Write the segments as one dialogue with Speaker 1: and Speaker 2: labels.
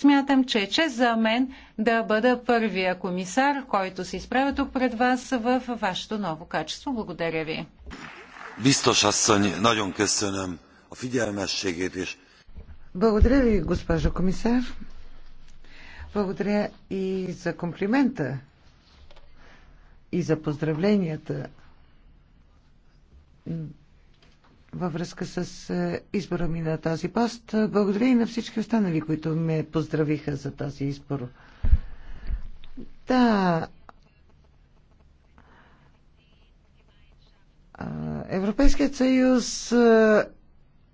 Speaker 1: Смятам, че е чест за мен да бъда първия комисар, който се изправя тук пред вас в вашето ново качество. Благодаря ви.
Speaker 2: Благодаря ви, госпожо комисар. Благодаря и за комплимента и за поздравленията във връзка с е, избора ми на този пост. Благодаря и на всички останали, които ме поздравиха за този избор. Да. Европейският съюз е,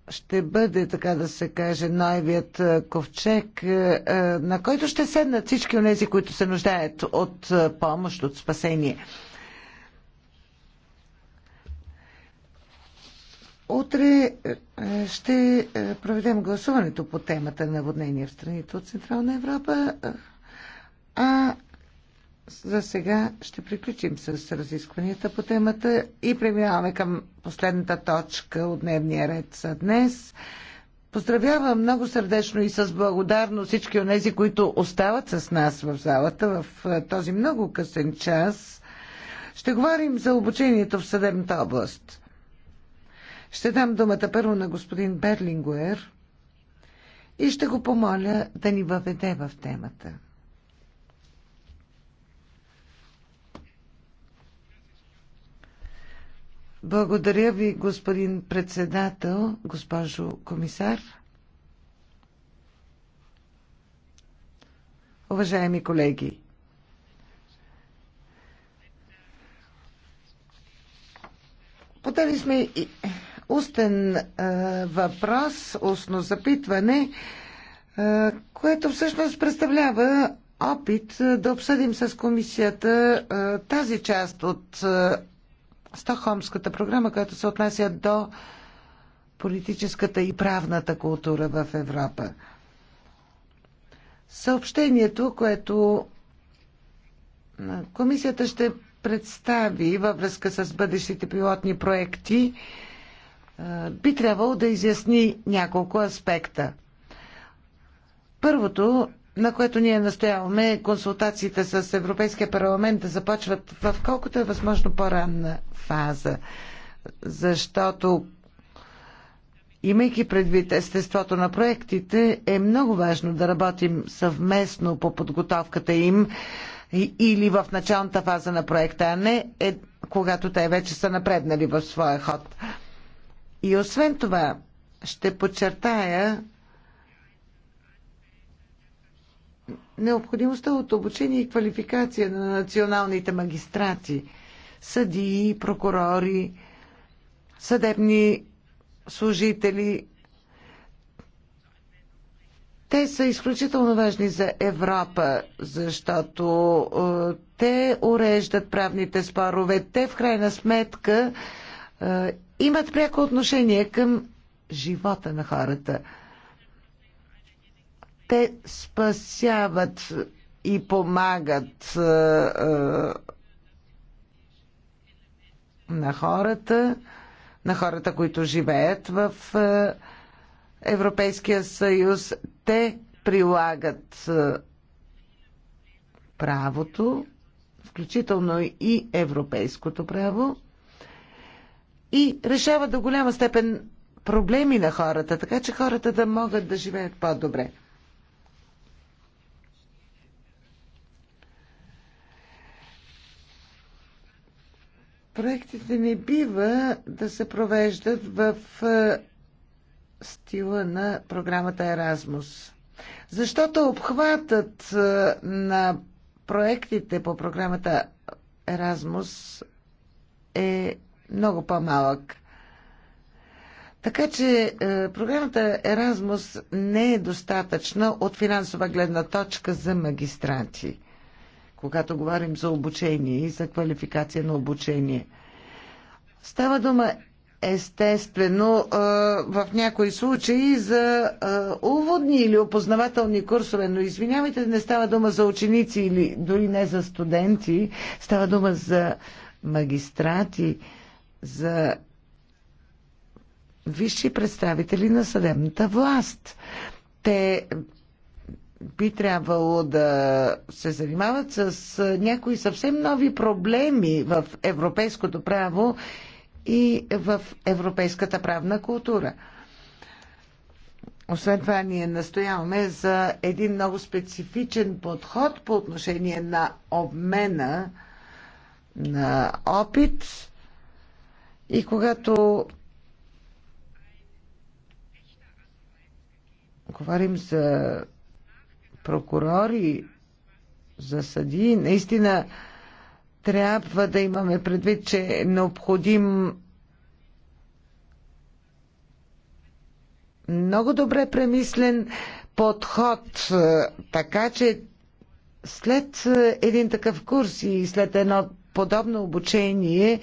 Speaker 2: ще бъде, така да се каже, новият е, ковчег, на който ще седнат всички от тези, които се нуждаят от помощ, от спасение. Утре е, ще е, проведем гласуването по темата наводнение в страните от Централна Европа, е, а за сега ще приключим с разискванията по темата и преминаваме към последната точка от дневния ред за днес. Поздравявам много сърдечно и с благодарно всички от тези, които остават с нас в залата в този много късен час. Ще говорим за обучението в съдебната област. Ще дам думата първо на господин Берлингуер и ще го помоля да ни въведе в темата. Благодаря ви, господин председател, госпожо комисар. Уважаеми колеги, подали сме и устен въпрос, устно запитване, което всъщност представлява опит да обсъдим с комисията тази част от Стокхолмската програма, която се отнася до политическата и правната култура в Европа. Съобщението, което комисията ще представи във връзка с бъдещите пилотни проекти, би трябвало да изясни няколко аспекта. Първото, на което ние настояваме, консултациите с Европейския парламент да започват в колкото е възможно по-ранна фаза. Защото Имайки предвид естеството на проектите, е много важно да работим съвместно по подготовката им или в началната фаза на проекта, а не е, когато те вече са напреднали в своя ход. И освен това, ще подчертая необходимостта от обучение и квалификация на националните магистрати, съдии, прокурори, съдебни служители. Те са изключително важни за Европа, защото е, те уреждат правните спорове. Те в крайна сметка е, имат пряко отношение към живота на хората. Те спасяват и помагат е, е, на хората, на хората, които живеят в е, Европейския съюз. Те прилагат е, правото, включително и европейското право и решава до голяма степен проблеми на хората, така че хората да могат да живеят по-добре. Проектите не бива да се провеждат в е, стила на програмата Еразмус. Защото обхватът е, на проектите по програмата Еразмус е много по-малък. Така че е, програмата Еразмус не е достатъчна от финансова гледна точка за магистрати, когато говорим за обучение и за квалификация на обучение. Става дума естествено е, в някои случаи за е, уводни или опознавателни курсове, но извинявайте, не става дума за ученици или дори не за студенти, става дума за магистрати за висши представители на съдебната власт. Те би трябвало да се занимават с някои съвсем нови проблеми в европейското право и в европейската правна култура. Освен това, ние настояваме за един много специфичен подход по отношение на обмена на опит и когато говорим за прокурори, за съди, наистина трябва да имаме предвид, че е необходим много добре премислен подход, така че след един такъв курс и след едно подобно обучение,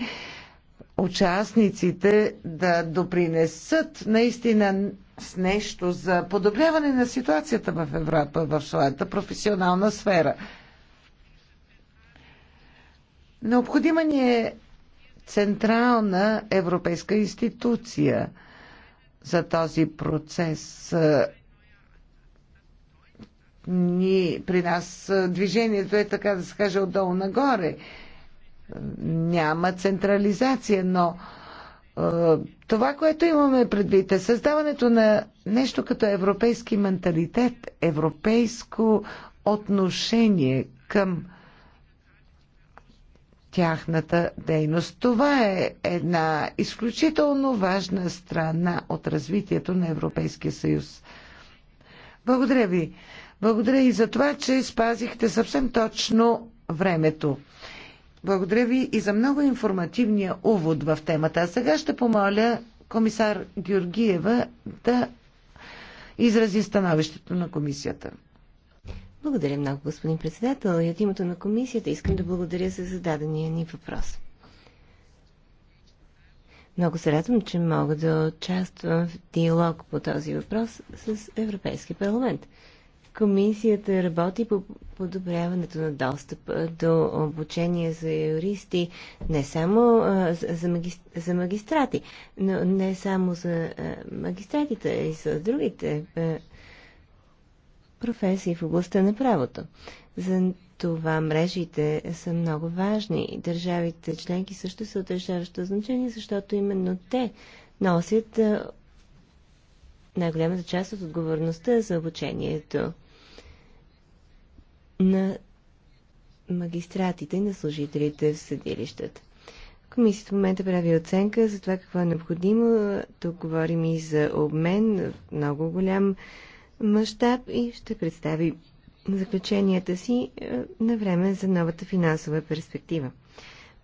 Speaker 2: участниците да допринесат наистина с нещо за подобряване на ситуацията в Европа, в своята професионална сфера. Необходима ни е централна европейска институция за този процес. Ни, при нас движението е, така да се каже, отдолу нагоре няма централизация, но това, което имаме предвид е създаването на нещо като европейски менталитет, европейско отношение към тяхната дейност. Това е една изключително важна страна от развитието на Европейския съюз. Благодаря ви. Благодаря и за това, че спазихте съвсем точно времето. Благодаря ви и за много информативния увод в темата. А сега ще помоля
Speaker 3: комисар Георгиева да изрази становището на комисията. Благодаря много, господин председател. И от името на комисията искам да благодаря за зададения ни въпрос. Много се радвам, че мога да участвам в диалог по този въпрос с Европейски парламент. Комисията работи по подобряването на достъпа до обучение за юристи, не само за, магистр... за магистрати, но не само за а, магистратите, и за другите професии в областта на правото. За това мрежите са много важни. Държавите членки също са от решаващо значение, защото именно те носят най-голямата част от отговорността за обучението на магистратите и на служителите в съдилищата. Комисията в момента прави оценка за това какво е необходимо. Тук говорим и за обмен в много голям мащаб и ще представи заключенията си е, на време за новата финансова перспектива.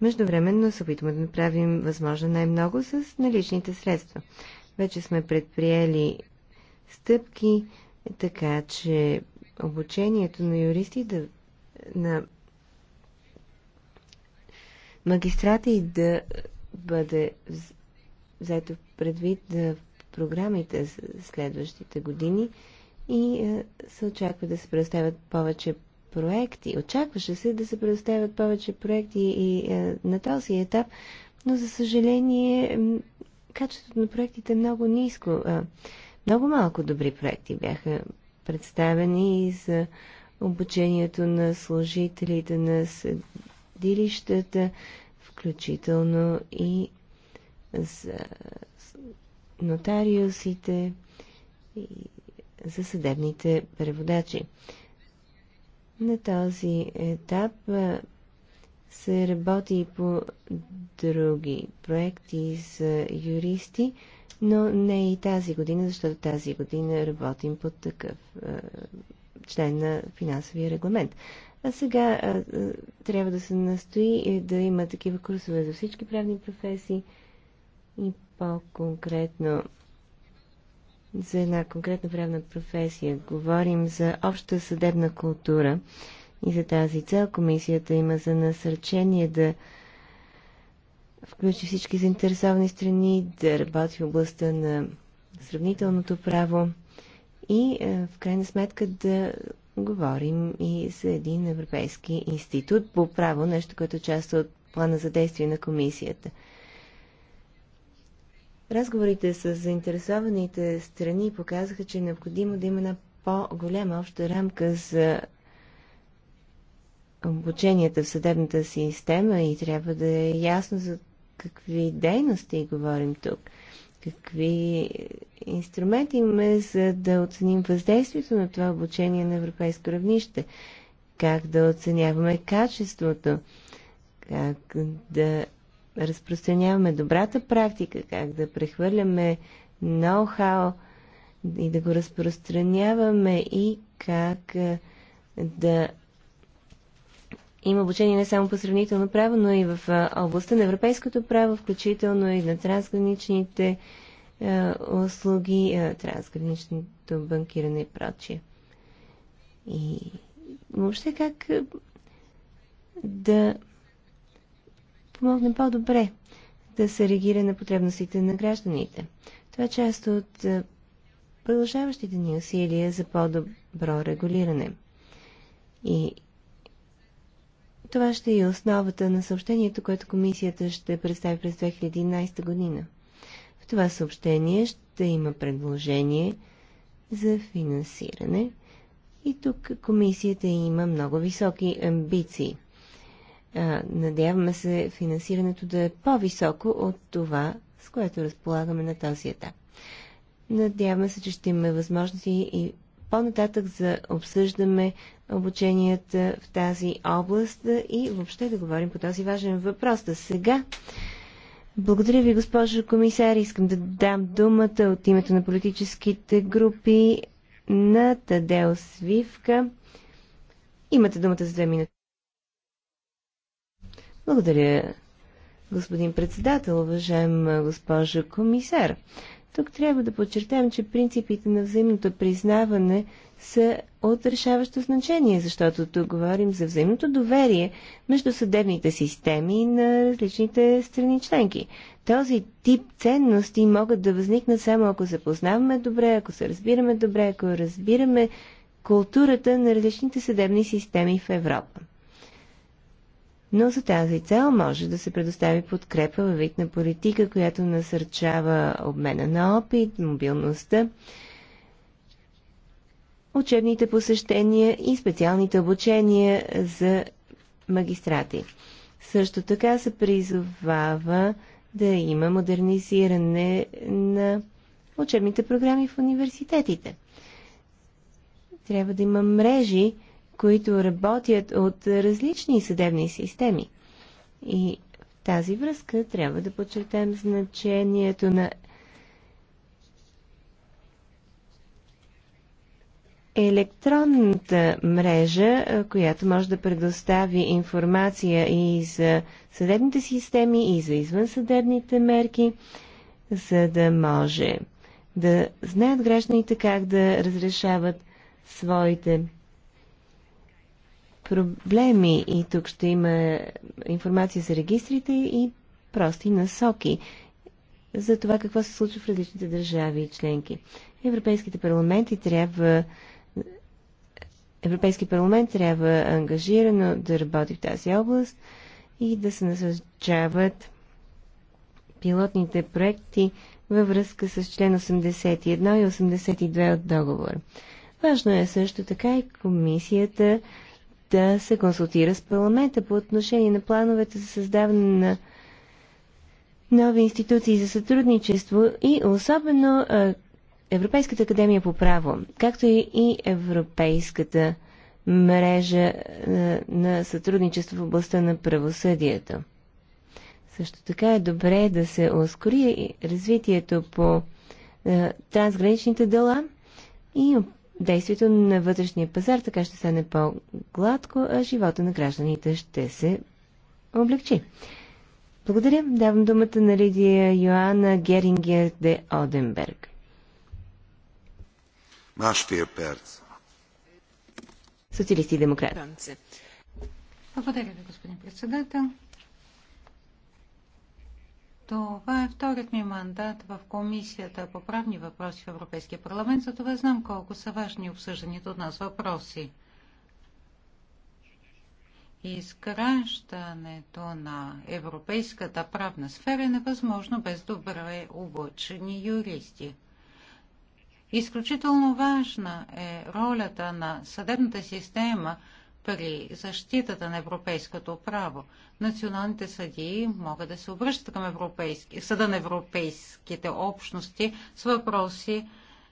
Speaker 3: Междувременно се опитваме да направим възможно най-много с наличните средства. Вече сме предприели стъпки, така че обучението на юристи, да, на магистрати да бъде взето предвид да програмите за следващите години и е, се очаква да се предоставят повече проекти. Очакваше се да се предоставят повече проекти и е, на този етап, но за съжаление качеството на проектите е много ниско. Е, много малко добри проекти бяха представени и за обучението на служителите на съдилищата, включително и за нотариусите и за съдебните преводачи. На този етап се работи и по други проекти за юристи, но не и тази година, защото тази година работим под такъв член на финансовия регламент. А сега а, а, трябва да се настои да има такива курсове за всички правни професии и по-конкретно за една конкретна правна професия. Говорим за обща съдебна култура и за тази цел комисията има за насърчение да включи всички заинтересовани страни, да работи в областта на сравнителното право и е, в крайна сметка да говорим и за един европейски институт по право, нещо, което е част от плана за действие на комисията. Разговорите с заинтересованите страни показаха, че е необходимо да има една по-голяма обща рамка за обученията в съдебната система и трябва да е ясно за какви дейности говорим тук, какви инструменти имаме, за да оценим въздействието на това обучение на европейско равнище, как да оценяваме качеството, как да разпространяваме добрата практика, как да прехвърляме ноу-хау и да го разпространяваме и как да има обучение не само по сравнително право, но и в областта на европейското право, включително и на трансграничните е, услуги, е, трансграничното банкиране и прочие. И въобще как да помогнем по-добре да се реагира на потребностите на гражданите. Това е част от продължаващите ни усилия за по-добро регулиране. И това ще е основата на съобщението, което комисията ще представи през 2011 година. В това съобщение ще има предложение за финансиране и тук комисията има много високи амбиции. надяваме се финансирането да е по-високо от това, с което разполагаме на този етап. Надяваме се, че ще имаме възможности и по-нататък за обсъждаме обученията в тази област и въобще да говорим по този важен въпрос. Да сега благодаря ви, госпожо комисар. Искам да дам думата от името на политическите групи на Тадео Свивка. Имате думата за две минути. Благодаря, господин председател, уважаем госпожо комисар. Тук трябва да подчертаем, че принципите на взаимното признаване са от решаващо значение, защото тук говорим за взаимното доверие между съдебните системи на различните страни членки. Този тип ценности могат да възникнат само ако се познаваме добре, ако се разбираме добре, ако разбираме културата на различните съдебни системи в Европа но за тази цел може да се предостави подкрепа във вид на политика, която насърчава обмена на опит, мобилността, учебните посещения и специалните обучения за магистрати. Също така се призовава да има модернизиране на учебните програми в университетите. Трябва да има мрежи които работят от различни съдебни системи. И в тази връзка трябва да подчертаем значението на електронната мрежа, която може да предостави информация и за съдебните системи, и за извънсъдебните мерки, за да може да знаят гражданите как да разрешават своите проблеми и тук ще има информация за регистрите и прости насоки за това какво се случва в различните държави и членки. Европейските парламенти трябва Европейски парламент трябва ангажирано да работи в тази област и да се насърчават пилотните проекти във връзка с член 81 и 82 от договор. Важно е също така и комисията да се консултира с парламента по отношение на плановете за създаване на нови институции за сътрудничество и особено Европейската академия по право, както и Европейската мрежа на сътрудничество в областта на правосъдието. Също така е добре да се ускори развитието по трансграничните дела и действието на вътрешния пазар, така ще стане по-гладко, а живота на гражданите ще се облегчи. Благодаря. Давам думата на Лидия Йоанна Герингер де Оденберг. Маштия перц. Социалисти и демократи.
Speaker 1: Благодаря ви, господин председател. Това е вторият ми мандат в Комисията по правни въпроси в Европейския парламент, за това знам колко са важни обсъжданите от нас въпроси. Изграждането на европейската правна сфера е невъзможно без добре обучени юристи. Изключително важна е ролята на съдебната система – при защитата на европейското право националните съдии могат да се обръщат към европейски, съда на европейските общности с въпроси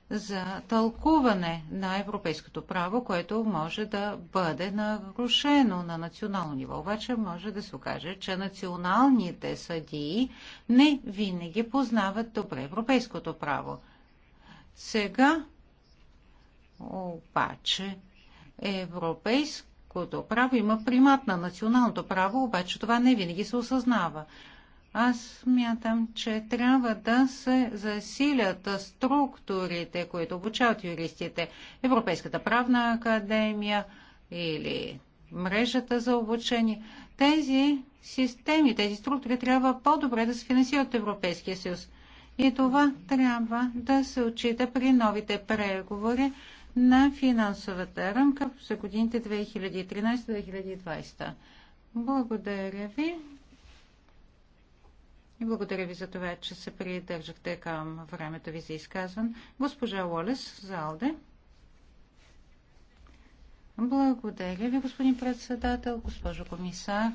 Speaker 1: за тълкуване на европейското право, което може да бъде нарушено на национално ниво. Обаче може да се окаже, че националните съдии не винаги познават добре европейското право. Сега обаче европейско авторското право има примат на националното право, обаче това не винаги се осъзнава. Аз мятам, че трябва да се засилят структурите, които обучават юристите. Европейската правна академия или мрежата за обучение. Тези системи, тези структури трябва по-добре да се финансират от Европейския съюз. И това трябва да се отчита при новите преговори на финансовата рамка за годините 2013-2020. Благодаря ви. И благодаря ви за това, че се придържахте към времето ви за изказван. Госпожа Лолес, залде. Благодаря ви, господин председател, госпожо комисар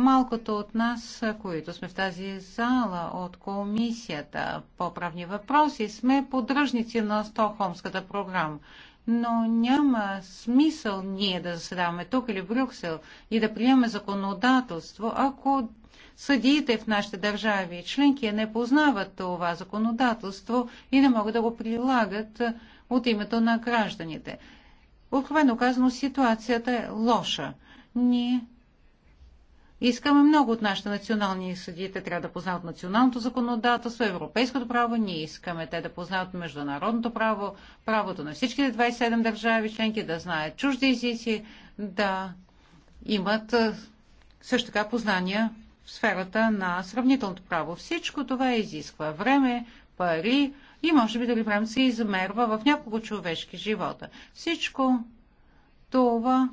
Speaker 1: малкото от нас, които сме в тази зала от комисията по правни въпроси, сме поддръжници на Стокхолмската програма. Но няма смисъл ние да заседаваме тук или в Брюксел и да приемаме законодателство, ако съдиите в нашите държави и членки не познават това законодателство и не могат да го прилагат от името на гражданите. Откровено казано, ситуацията е лоша. Ние Искаме много от нашите национални съдии. Те трябва да познават националното законодателство, европейското право. Ние искаме те да познават международното право, правото на всички 27 държави членки, да знаят чужди езици, да имат също така познания в сферата на сравнителното право. Всичко това изисква време, пари и може би дали време се измерва в няколко човешки живота. Всичко това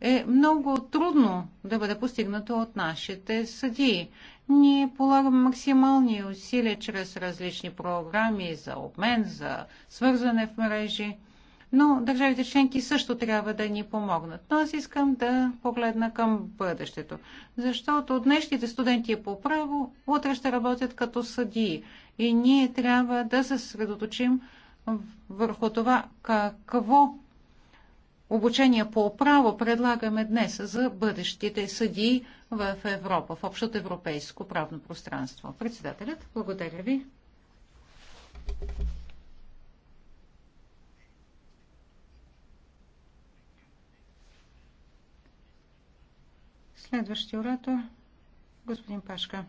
Speaker 1: е много трудно да бъде постигнато от нашите съдии. Ние полагаме максимални усилия чрез различни програми за обмен, за свързване в мрежи, но държавите членки също трябва да ни помогнат. Но аз искам да погледна към бъдещето, защото днешните студенти по право утре ще работят като съдии и ние трябва да се съсредоточим върху това какво обучение по право предлагаме днес за бъдещите съдии в Европа, в общото европейско правно пространство. Председателят, благодаря ви. Следващия оратор, господин Пашка.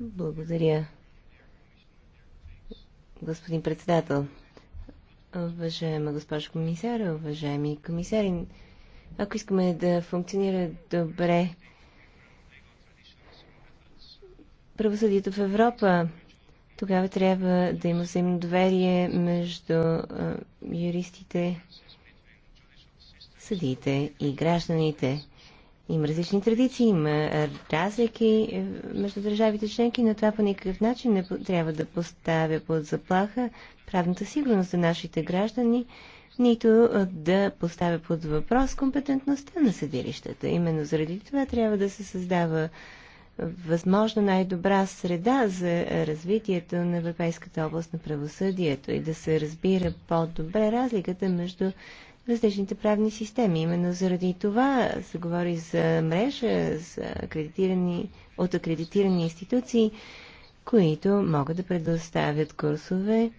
Speaker 3: Благодаря, господин председател. Уважаема госпожо комисар, уважаеми комисари, ако искаме да функционира добре правосъдието в Европа, тогава трябва да има взаимно доверие между юристите, съдиите и гражданите. Има различни традиции, има е, разлики е, между държавите членки, но това по никакъв начин не трябва да поставя под заплаха правната сигурност за нашите граждани, нито е, да поставя под въпрос компетентността на съдилищата. Именно заради това трябва да се създава възможно най-добра среда за развитието на Европейската област на правосъдието и да се разбира по-добре разликата между различните правни системи. Именно заради това се говори за мрежа, за акредитирани, от акредитирани институции, които могат да предоставят курсове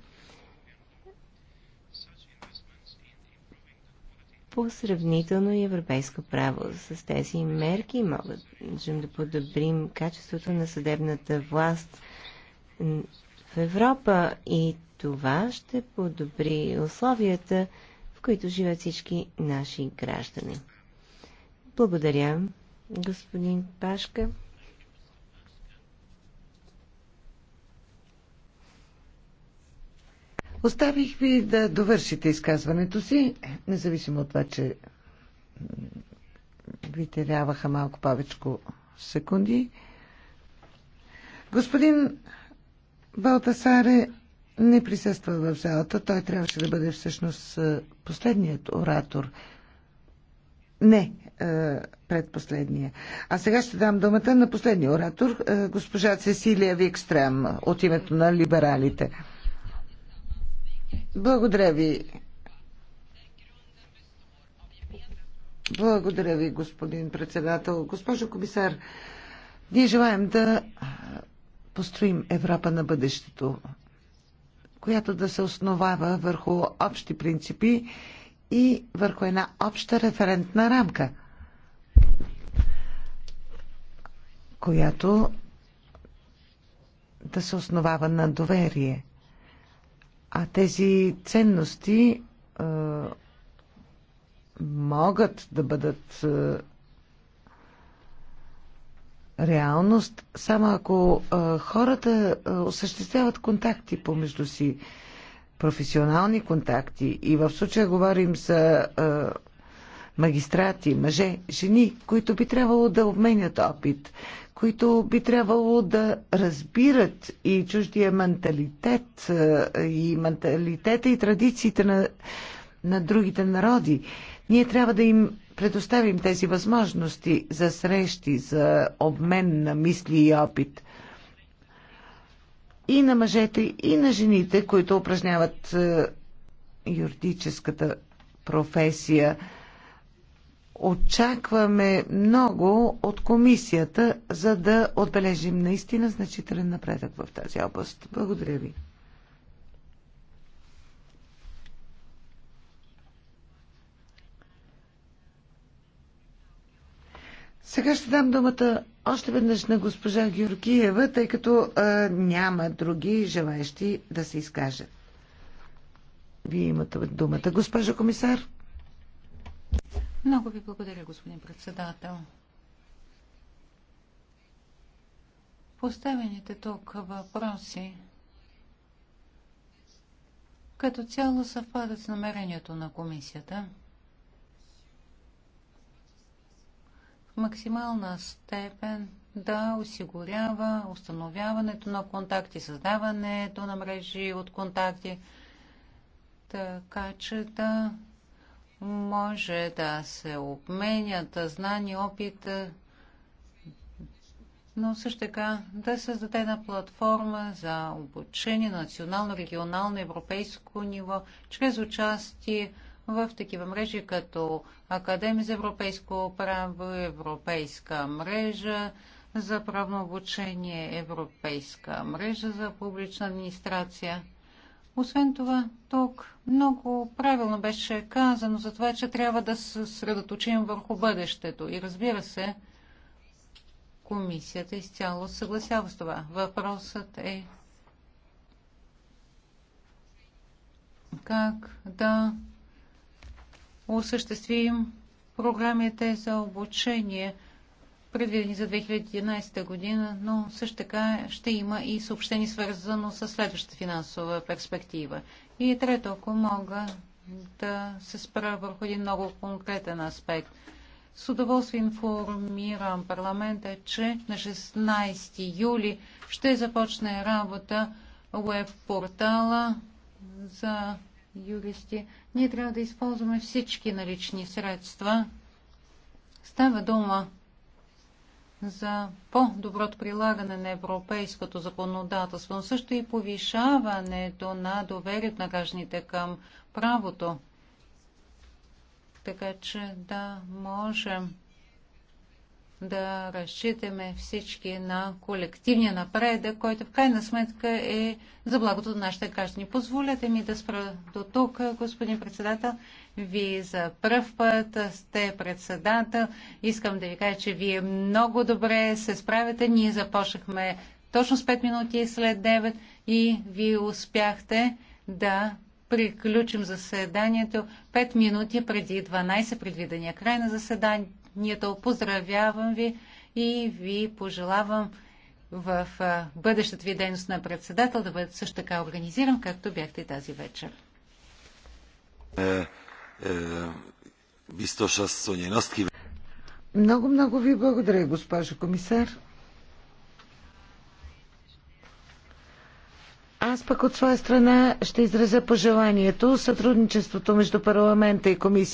Speaker 3: по сравнително и европейско право. С тези мерки могат да подобрим качеството на съдебната власт в Европа и това ще подобри условията в които живеят всички наши граждани. Благодаря, господин Пашка. Оставих ви
Speaker 2: да довършите изказването си, независимо от това, че ви теряваха малко повече секунди. Господин Балтасаре, не присъства в залата. Той трябваше да бъде всъщност е, последният оратор. Не, е, предпоследния. А сега ще дам думата на последния оратор, е, госпожа Цесилия Викстрем от името на либералите. Благодаря ви. Благодаря ви, господин председател. Госпожо комисар, ние желаем да построим Европа на бъдещето която да се основава върху общи принципи и върху една обща референтна рамка, която да се основава на доверие. А тези ценности е, могат да бъдат е, реалност, само ако хората осъществяват контакти помежду си, професионални контакти. И в случая говорим за магистрати, мъже, жени, които би трябвало да обменят опит, които би трябвало да разбират и чуждия менталитет, и менталитета и традициите на, на другите народи. Ние трябва да им предоставим тези възможности за срещи, за обмен на мисли и опит. И на мъжете, и на жените, които упражняват е, юридическата професия. Очакваме много от комисията, за да отбележим наистина значителен напредък в тази област. Благодаря ви. Сега ще дам думата още веднъж на госпожа Георгиева, тъй като а, няма други желаещи да се изкажат. Вие имате думата, госпожа комисар.
Speaker 1: Много ви благодаря, господин председател. Поставените тук въпроси като цяло съвпадат с намерението на комисията – максимална степен да осигурява установяването на контакти, създаването на мрежи от контакти, така че да може да се обменят знания, опит, но също така да създаде една платформа за обучение на национално, регионално, европейско ниво, чрез участие в такива мрежи като Академия за европейско право, Европейска мрежа за правно обучение, Европейска мрежа за публична администрация. Освен това, тук много правилно беше казано за това, че трябва да се средоточим върху бъдещето. И разбира се, комисията изцяло съгласява с това. Въпросът е как да осъществим програмите за обучение, предвидени за 2011 година, но също така ще има и съобщение свързано с следващата финансова перспектива. И трето, ако мога да се спра върху един много конкретен аспект. С удоволствие информирам парламента, че на 16 юли ще започне работа веб-портала за юристи, ние трябва да използваме всички налични средства. Става дума за по-доброто прилагане на европейското законодателство, но също и повишаването на доверието на гражданите към правото, така че да можем да разчитаме всички на колективния напредък, който в крайна сметка е за благото на нашите граждани. Позволете ми да спра до тук, господин председател. ви за пръв път сте председател. Искам да ви кажа, че вие много добре се справяте. Ние започнахме точно с 5 минути след 9 и вие успяхте да приключим заседанието 5 минути преди 12 предвидения край на заседанието ние то поздравявам ви и ви пожелавам в бъдещата ви дейност на председател да бъде също така организиран, както бяхте тази вечер.
Speaker 2: Е, е, много, много ви благодаря, госпожо комисар. Аз пък от своя страна ще изразя пожеланието сътрудничеството между парламента и комисията